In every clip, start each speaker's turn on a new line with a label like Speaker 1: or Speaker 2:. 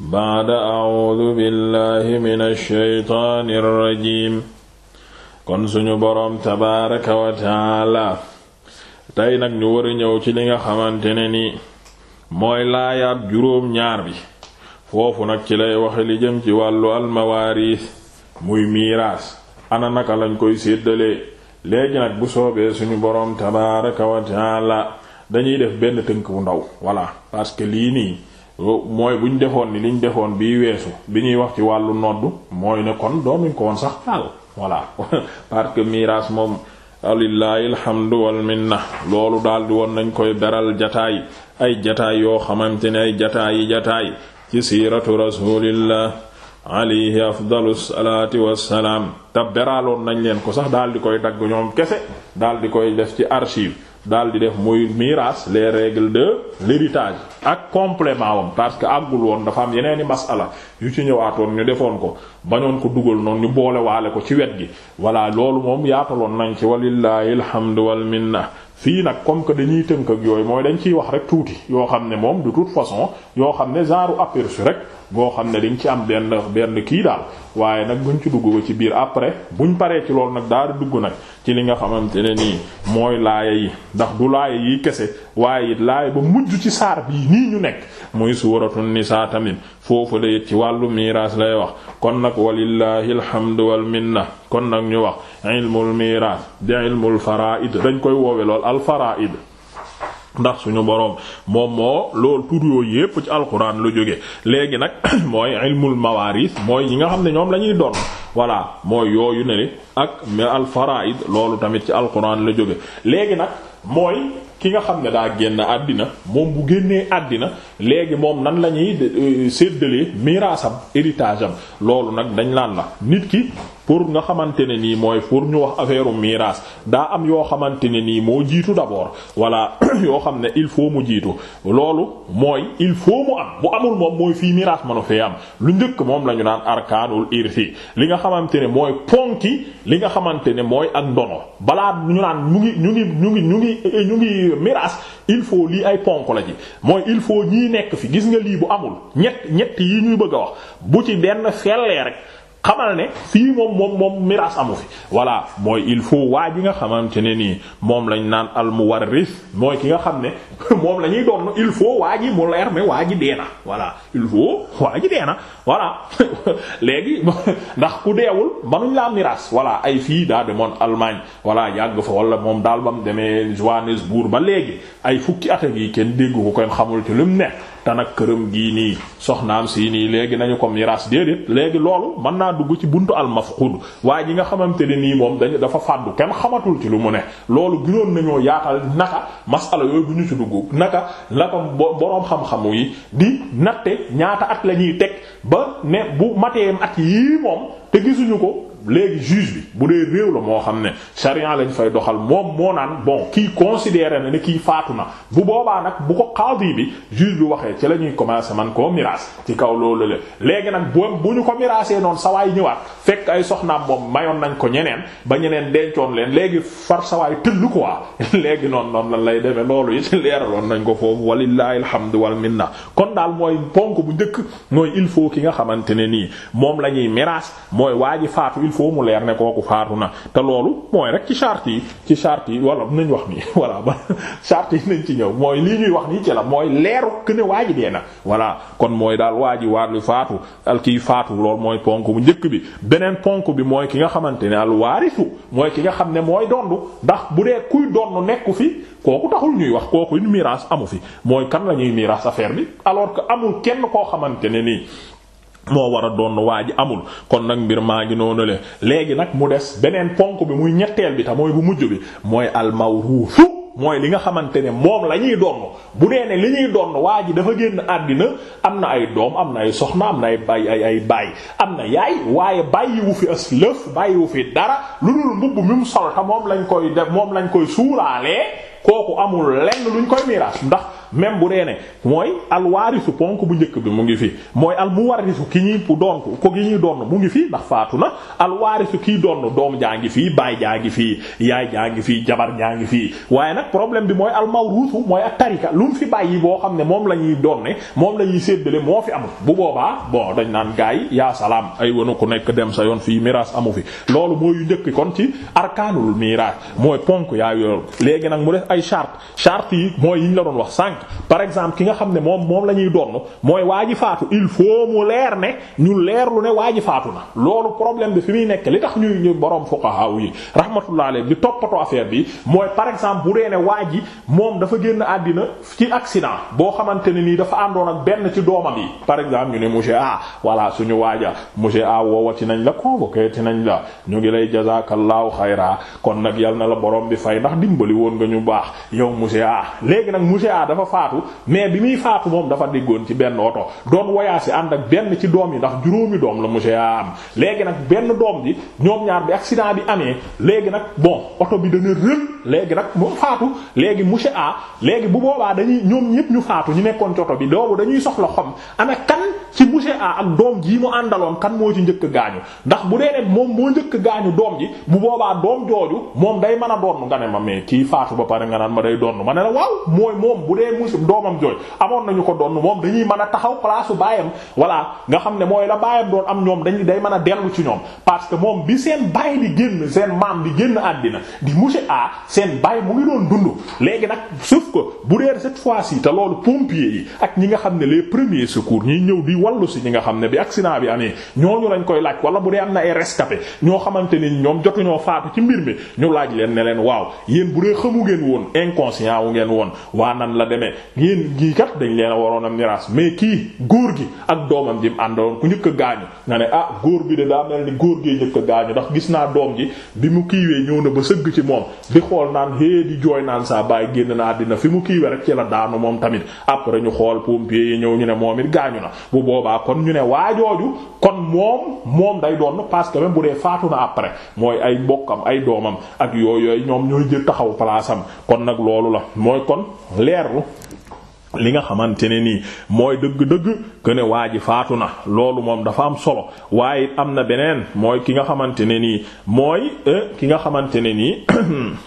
Speaker 1: baada audu billahi min alsheytaani irrajim kon suñu boroom tabaaraka wa taala tey nag ñu war a ñëw ci li nga xamante ne ni mooy laayaat juróom-ñaar bi foofu nag ci lay waxe li jëm ci wàllu almawaariis muy miiraas ana naka lañ koy séddalee léegi nag bu soobee suñu boroom tabaaraka wa taala dañuy def benn tënk bu ndaw voilà parce lii nii mooy bu ñu defoon ni li ñu defoon bii weesu bi ñuy wax ci wàllu noddu mooy ne kon doonuñ ko woon sax taal voilà parce que miraas moom alillaahi alhamdu wal minna loolu daldi woon nañ koy beral jataay ay jataay yoo xamante ne ay jataayi jataay ci siiratu rasulillah alayhi afdalu salaati wassalaam te beraloon nañ leen ko sax daal di koy dagg ñoom kese daal di koy def ci archive daal di def muy miraas les règles de l'héritage ak complément wam parce que àggul woon dafa am yeneeni masala yu ci ñëwaatoon ñu defoon ko bañoon ko dugal noonu ñu boole waale ko ci wet gi voilà loolu moom yaataloon nañ ci walillahi alhamdu wal minna fii nag comme que dañuy tënk yooyu mooy dañ ciy wax rek tuuti yoo xam ne moom de toute façon yoo xam ne genre aperçu rek goo xam ne dañ ci am benn benn kii daal waaye nag buñ ci dugg ko ci biir après buñ paree ci loolu nag daal di dugg nag ci li nga xamante ne nii mooy laaya yi ndax du laaya yi kese waaye it laaya ba mujj ci saar bii nii ñu nekk muy suuratu nisaa tamit foofu la it ci wàllu miraas lay wax kon nag walillahi alhamdu wal minna kon nag ñu wax ilmul miraas di ilmul faraid dañ koy woowe loolu al faraid ndax suñu boroom moom moo loolu tur yooyu yépp ci alxuraan lu jóge léegi nag mooy ilmul mawaaris mooy ñi nga xam ne ñoom la ñuy doon voilà mooy yooyu ne ak mais al faraid loolu tamit ci alxuraan la jóge léegi nag mooy ki nga xam ne daa génn àddina moom bu génnee àddina léegi moom nan la ñuy euh, séddalee miraasam héritage am loolu nag dañ laan la nit ki pour nga xamante ne nii mooy pour ñu wax affaire miraas daa am yoo xamante ne nii moo jiitu d'abord voilà yoo xam ne il faut mu jiitu loolu mooy il faut mu am bu amul moom mooy fii miraas manu fee am lu njëkk moom lañu ñu naan arkaanul irsi li nga xamante ne mooy ponki li nga xamante ne mooy ak ndono balaa ñu naan ñu yooyu miraas il faut lii ay ponk la ci mooy il faut ñii nekk fi gis nga lii bu amul ñett ñett yi ñuy bëgg a wax bu ci benn fellee rek xamal ne fii moom moom moom miraas amu fi voilà mooy il faut waa ji nga xamante ne nii moom lañ naan al muwarris mooy ki nga xam ne moom la ñuy doon il faut waa ji mu leer mais waa ji dee voilà il faut waa ji dee na ndax ku deewul manuñ laa miraas voilà ay fii daa demoon Allemagne voilà yàgg fa wala moom daal ba mu demee Johannesburg ba léegi ay fukki at yi kenn dégg ko kenn xamul te lu mu ne te nag këram gii nii soxnaam sii nii léegi nañu ko miraas déedéet léegi loolu mën naa dugg ci buntu almafqud waaye ñi nga xamante ne nii moom dañu dafa fàddu kenn xamatul ci lu mu ne loolu gënoon nañoo yaatal naka masala yooyu bu ñu ci duggu naka la bo boroom xam-xamu yi di natte ñaata at la ñuy teg ba ne bu mateem at yii moom te gisuñu ko léegi juge bi bu dee réew la moo xam ne sharia lañ fay doxal moom moo naan boo kii considéré na ne kii faatu na bu boobaa nag bu ko xaadi bi juge bi waxee ci la ñuy commencer man koo miraas ci kaw loolu la léegi nag bu bu ñu ko miraasee noonu sawaay ñëwaat fekk ay soxnaam moom mayoon nañ ko ñeneen ba ñeneen dencoon leen léegi far sawaay tëll quoi léegi noonu noonu lan lay demee loolu it leeraloon nañ ko foofu walillahi alhamdu wal minna kon daal mooy ponk bu njëkk mooy il faut ki nga xamante ne nii moom la ñuy miraas il faut mu leer ne kooku faatu na te loolu mooy rek ci charte yi ci charte yi wala nañ wax nii voilà ba charte yi nañ ci ñëw mooy lii ñuy wax nii ci la mooy leeru que ne waa ji dee na voilà kon mooy daal waa ji waar lu faatu al kiy faatu loolu mooy ponk bu njëkk bi beneen ponk bi mooy ki nga xamante ne al waarisu mooy ki nga xam ne mooy dondu ndax bu dee kuy dondu nekku fi kooku taxul ñuy wax kooku une miraas amu fi mooy kan la ñuy miraas affaire bi alors que amul xamante ne nii moo war a doon waa ji amul kon nag mbir maa ngi noonu le léegi nag mu des beneen ponk bi muy ñetteel bi tamooy bu mujj bi mooy almawruusu mooy li nga xamante ne moom la ñuy donn bu dee ne li ñuy donn waa ji dafa génn àddina am na ay doom am na ay soxna am na ay bay ay ay am na yaay waaye bàyyiwu fi as lëf bàyyiwu fi dara lu dul mbubb mi mu sol moom lañ koy def moom lañ koy suuraalee kooku amul lenn luñ koy miraas ndax même bu dee ne mooy alwaarisu ponk bu njëkk bi mu ngi fi mooy al muwarisu ki ñuy doon ko ki ñuy doon mu ngi fi ndax faatu na alwaarisu kiy doon doom jaa ngi fii baay jaa ngi fii yaay jaa ngi fii jabar jaa ngi fii waaye nag problème bi mooy al mawrusu mooy ak tarika lu mu fi bàyyi boo xam ne moom la ñuy doon ne moom la ñuy séddale moo fi amul bu boobaa bon dañ naan gaay yaa salaam ay wana ku nekk dem sa yoon fii miraas amu fi loolu mooy yu njëkk kon ci arkaanul miraas mooy ponk yaa yor léegi nag mu def ay charte charte yi mooy la doon wax sànq par exemple ki nga xam ne moom moom la ñuy doon mooy waa ji faatu il faut mu leer ne ñu leerlu ne waa ji faatu na loolu problème bi fi muy nekk li tax ñu ñu borom fuqaha yi rahmatullah alayhi bi toppatoo affaire bi mooy par exemple bu dee ne waa ji moom dafa génn àddina ci accident boo xamante ne nii dafa àndoon ak benn ci doomam yi par exemple ñu ne monsieur A suñu waaja monsieur A woowati nañ la convoqué ti nañ la ñu ngi lay jazakallahu xayra kon nag yal na la borom bi fay ndax dimbali woon nga ñu baax yow faatu mais bi muy faatu moom dafa déggoon ci benn oto doon voyage ànd ak benn ci doom yi ndax juróomi doom la monsieur am léegi nag benn doom bi ñoom ñaar bi accident bi amee léegi nag bon oto bi dana rël léegi nag mu faatu léegi monsieur A léegi bu boobaa dañuy ñoom ñépp ñu faatu ñu nekkoon coto bi doobu dañuy soxla xom ana kan ci monsieur A ak doom jii mu àndaloon kan moo ci njëkk gaañu ndax bu dee ne moom moo njëkk gaañu doom ji bu boobaa doom jooju moom day mën a doon nga ne ma mais kii faatu ba pare nga naan ma day doon ma ne la waaw mooy moom bu dee monsieur doomam jooy amoon nañu ko donn moom dañuy mën a taxaw place baayam voilà nga xam ne mooy la baayam doon am ñoom dañuy day mën a dellu ci ñoom parce que moom bi seen baay di génn seen maam di génn àddina di monsieur A seen baay mu ngi doon dund léegi nag sauf ko bu dee cette fois-ci te loolu pompiers yi ak ñi nga xam ne les premiers secours ñiy ñëw di wallu si ñi nga xam ne bi accident bi amee ñooñu lañ koy laaj wala bu dee am na ay rescapé ñoo xamante ni ñoom jotuñoo faatu ci mbir mi ñu laaj leen ne leen waaw yéen bu dee xamu ngeen woon inconscient wu ngeen woon waa nan la demee yéen gii kat dañ leen a waroon a miraas mais kii góor gi ak doomam ji mu àndaloon ku njëkk a gaañu nga ne ah góor bi de daa mel ni góor gee njëkk a gaañu ndax gis naa doom ji bi mu kiiwee ñëw na ba sëgg ci moom xool naan hé jooy naan saa bàyyi génn na àddina fi mu kiiwe rek ci la daanu moom tamit après ñu xool pompier yi ñëw ñu ne moom it gaañu na bu boobaa kon ñu ne waajooju kon moom moom day doon parce que bu dee faatu na après mooy ay mbokkam ay doomam ak yooyu yooyu ñoom ñooy jël taxaw palaasam kon nag loolu la mooy kon leerlu li nga xamante ne nii mooy dëgg-dëgg que ne waa ji faatu na loolu moom dafa am solo waaye am na beneen mooy ki nga xamante ne nii mooy eh, ki nga xamante ne nii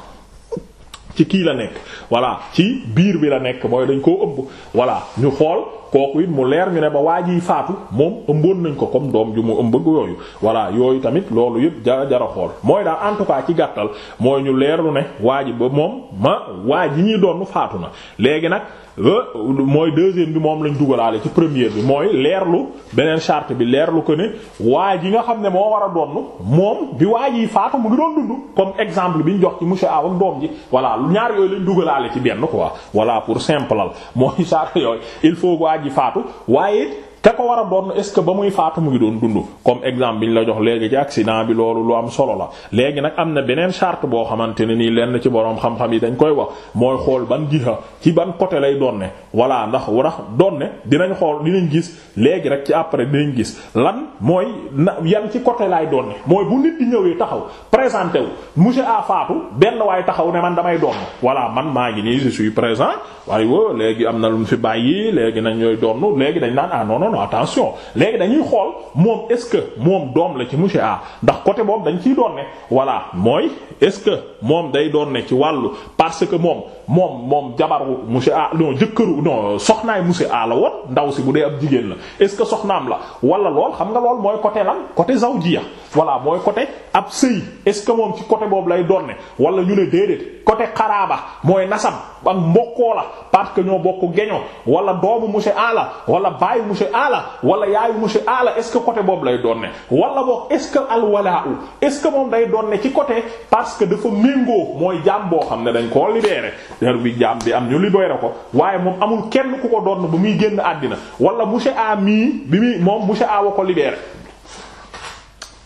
Speaker 1: ci kii la nekk voilà ci biir bi la nekk mooy dañ koo ëmb voilà ñu xool kooku it mu leer ñu ne ba waa ji faatu moom ëmboon nañ ko comme doom ju mu ëmb yooyu voilà yooyu tamit loolu yëpp jara jara xool mooy daal en tout ci gàttal mooy ñu leerlu ne waa ji ba moom ma waa ji ñuy doon faatu na léegi nag Euh, mooy deuxième bi moom lañ dugalaale ci première bi mooy leerlu beneen charte bi leerlu ko ne waa ji nga xam ne moo war a donn moom bi waa ji faatu mu ngi doon dund comme exemple bi ñu jox ci monsieur Aw ak doom ji voilà ñaar yooyu lañ dugalaale ci benn quoi voilà pour simple mooy charte yooyu il faut waa ji faatu waaye ka ko war a doon est-ce que ba muy faatu mu ngi doon dund comme exemple bi ñu la jox léegi ci accident bi loolu lu am solo la léegi nag am na beneen charte boo xamante ne nii lenn ci boroom xam-xam yi dañ koy wax mooy xool ban jiha ci ban côté lay doon ne voilà ndax ndax doon ne dinañ xool dinañ gis léegi rek ci après dinañ gis lan mooy na yan ci côté laay doon mooy bu nit di taxaw présenté wu monsieur a benn waay taxaw ne man damay doon voilà man maa ngi nii je suis présent waaye léegi am na lu mu fi bàyyi léegi nañ ñooy doon léegi dañ naan ah non attention léegi dañuy xool moom est-ce que moom doom la ci monsieur A ndax côté boobu dañ ciy doon ne voilà mooy est-ce que moom day doon ne ci wàllu parce que moom moom moom jabaru monsieur A non jëkkëru non soxnaay monsieur A la woon ndaw si bu dee ab jigéen la est-ce que soxnaam la wala lool xam nga lool mooy côté lan côté zawjiya voilà mooy côté ab sëy est-ce que moom ci côté boobu lay doon ne wala ñu ne déedéet côté xaraaba mooy nasab ak mbokkoo la parce que ñoo bokk geño wala doomu monsieur A wala baayu monsieur A wala yaayu monsieur A est-ce que côté boobu lay doon ne wala boog est-ce que alwalaa est-ce que moom day doon ne ci côté parce que dafa méngoo mooy jaam boo xam ne dañ koo libéré ter bi jaam bi am ñu li ko waaye moom amul kenn ku ko doon bu muy génn àddina wala monsieur A mii bi muy moom monsieur A wa ko libéré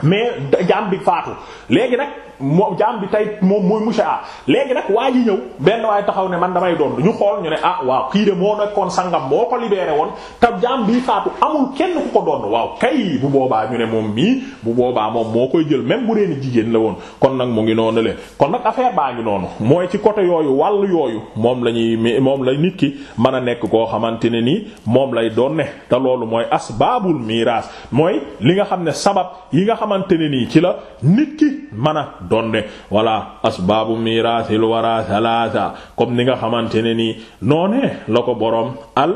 Speaker 1: mais jaam bi faatu léegi nag moo jaam bi tey moom mooy monsieur A léegi nag waa ji ñëw benn waaye taxaw ne man damay doon ñu xool ñu ne ah waaw kii de moo nekkoon sangam moo ko libéré woon te jaam bii faatu amul kenn ku ko doon waaw kay bu boobaa ñu ne moom mii bu boobaa moom moo koy jël même bu dee jigéen la woon kon nag mu ngi noonu le kon nag affaire baa ngi noonu mooy ci côté yooyu wàll yooyu moom la ñuy moom la nit ki mën a nekk koo xamante ne nii moom lay doon ne te loolu mooy asbaabul miraas mooy li nga xam ne sabab yi nga xamante ne nii ci la nit ki mën a donde wala asbaabu miraasil laa salaasa comme ni nga xamante ne nii noonee la ko boroom al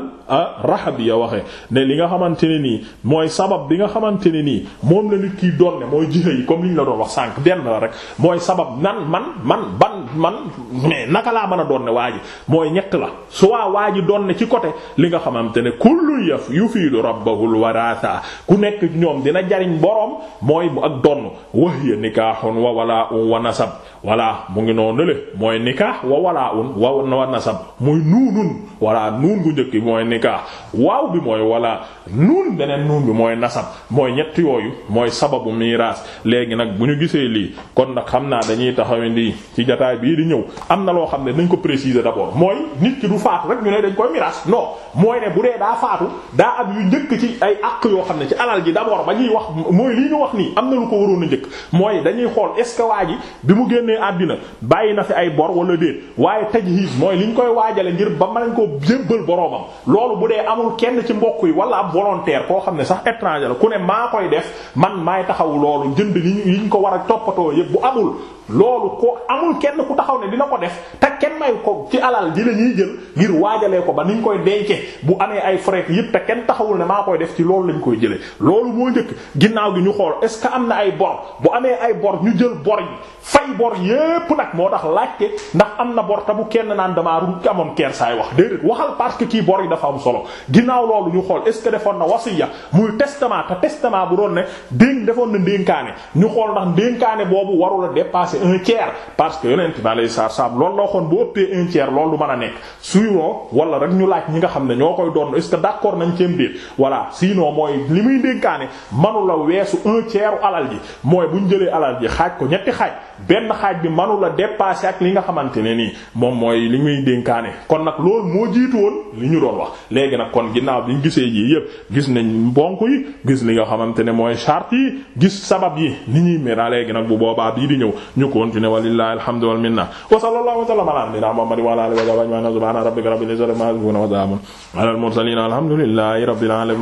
Speaker 1: rahabi ya waxe ne li nga xamante ne nii mooy sabab bi nga xamante ne nii moom la nit kiy donne mooy jihe yi comme li ñu la doon wax sànq benn la rek mooy sabab nan man man ban man mais naka laa mën a donne waa ji mooy ñekk la soit waa ji donne ci côté li nga xamante ne kullu yaf yufiidu lu waraasa ku nekk ñoom dina jariñ boroom mooy ak donn wahiya nikahun walaa un wa nasab walaa mu ngi noonu le mooy nikah wa walaa un wa wa nasab muy nuunun walaa nuun gu njëkk mooy nikah waaw bi mooy walaa nuun beneen nuun bi mooy nasab mooy ñett yooyu mooy sababu miraas léegi nag bu ñu gisee lii kon nag xam naa dañuy taxawandi ci jotaay bii di ñëw am na loo xam ne dañ ko préciser d'abord mooy nit ki du faatu rek ñu ne dañ koy miraas non mooy ne bu dee daa faatu daa am yu njëkk ci ay àq yoo xam ne ci alal ji d'abord ba ñuy wax mooy lii ñu wax nii am na lu ko waroon a njëkk mooy dañuy xool est waa ji bi mu génnee àddina bàyyi na fi ay bor wala déet waaye taj tajhiis mooy liñ koy waajale ngir ba mën nañ koo jébbal boroomam loolu bu dee amul kenn ci mbokk yi wala ab volontaire koo xam ne sax étranger la ku ne maa koy def man maay taxaw loolu jënd liñ liñ ko war a toppatoo yëpp bu amul loolu ko amul kenn ku taxaw ne dina ko def te kenn may ko ci alal ji la ñuy jël ngir waajalee ko ba niñ koy dencee bu amee ay frais yëpp te kenn taxawul ne maa koy def ci loolu lañ koy jëlee loolu moo njëkk ginnaaw gi ñu xool est que am na ay bor bu ay bor ñu jël bor yi fay bor yépp nag moo tax laajte ndax am na bor kenn naan damaa ruuj amoon kersaay wax déedéet waxal parce que kii bor yi dafa am solo ginnaaw loolu ñu xool est ce que defoon na wasiya muy testament te testament bu doon ne dénk defoon na ndénkaane ñu xool ndax ndénkaane boobu warul a dépasser un parce que yonent bi alayhi salaatu salaam loolu la waxoon bu ëppee un tiers loolu du mën a nekk suyoo wala rek ñu laaj ñi nga xam ne ñoo koy doon est-ce que d'accord nañ ceeb déet voilà siinoo mooy li muy dénkaane manu la weesu un tiers alal ji mooy bu ñu jëlee alal ji xaaj ko ñetti xaaj benn xaaj bi manu la dépasser ak li nga xamante ne nii moom mooy li muy dénkaane kon nag loolu moo jiitu woon li ñu doon wax léegi nag kon ginnaaw bi gisee ji yépp gis nañ mbonk yi gis li nga xamante ne mooy charte gis sabab yi ni ñuy mel nag bu boobaa bii di ñëw ñu continuer walillahi alhamdu wal minna wa sallallahu wa sallama ala nabiyyina muhammadin wa ala alihi wa sahbihi subhana rabbika rabbil izzati amma yasifun wa salamun ala al mursalin alhamdulillahi rabbil alamin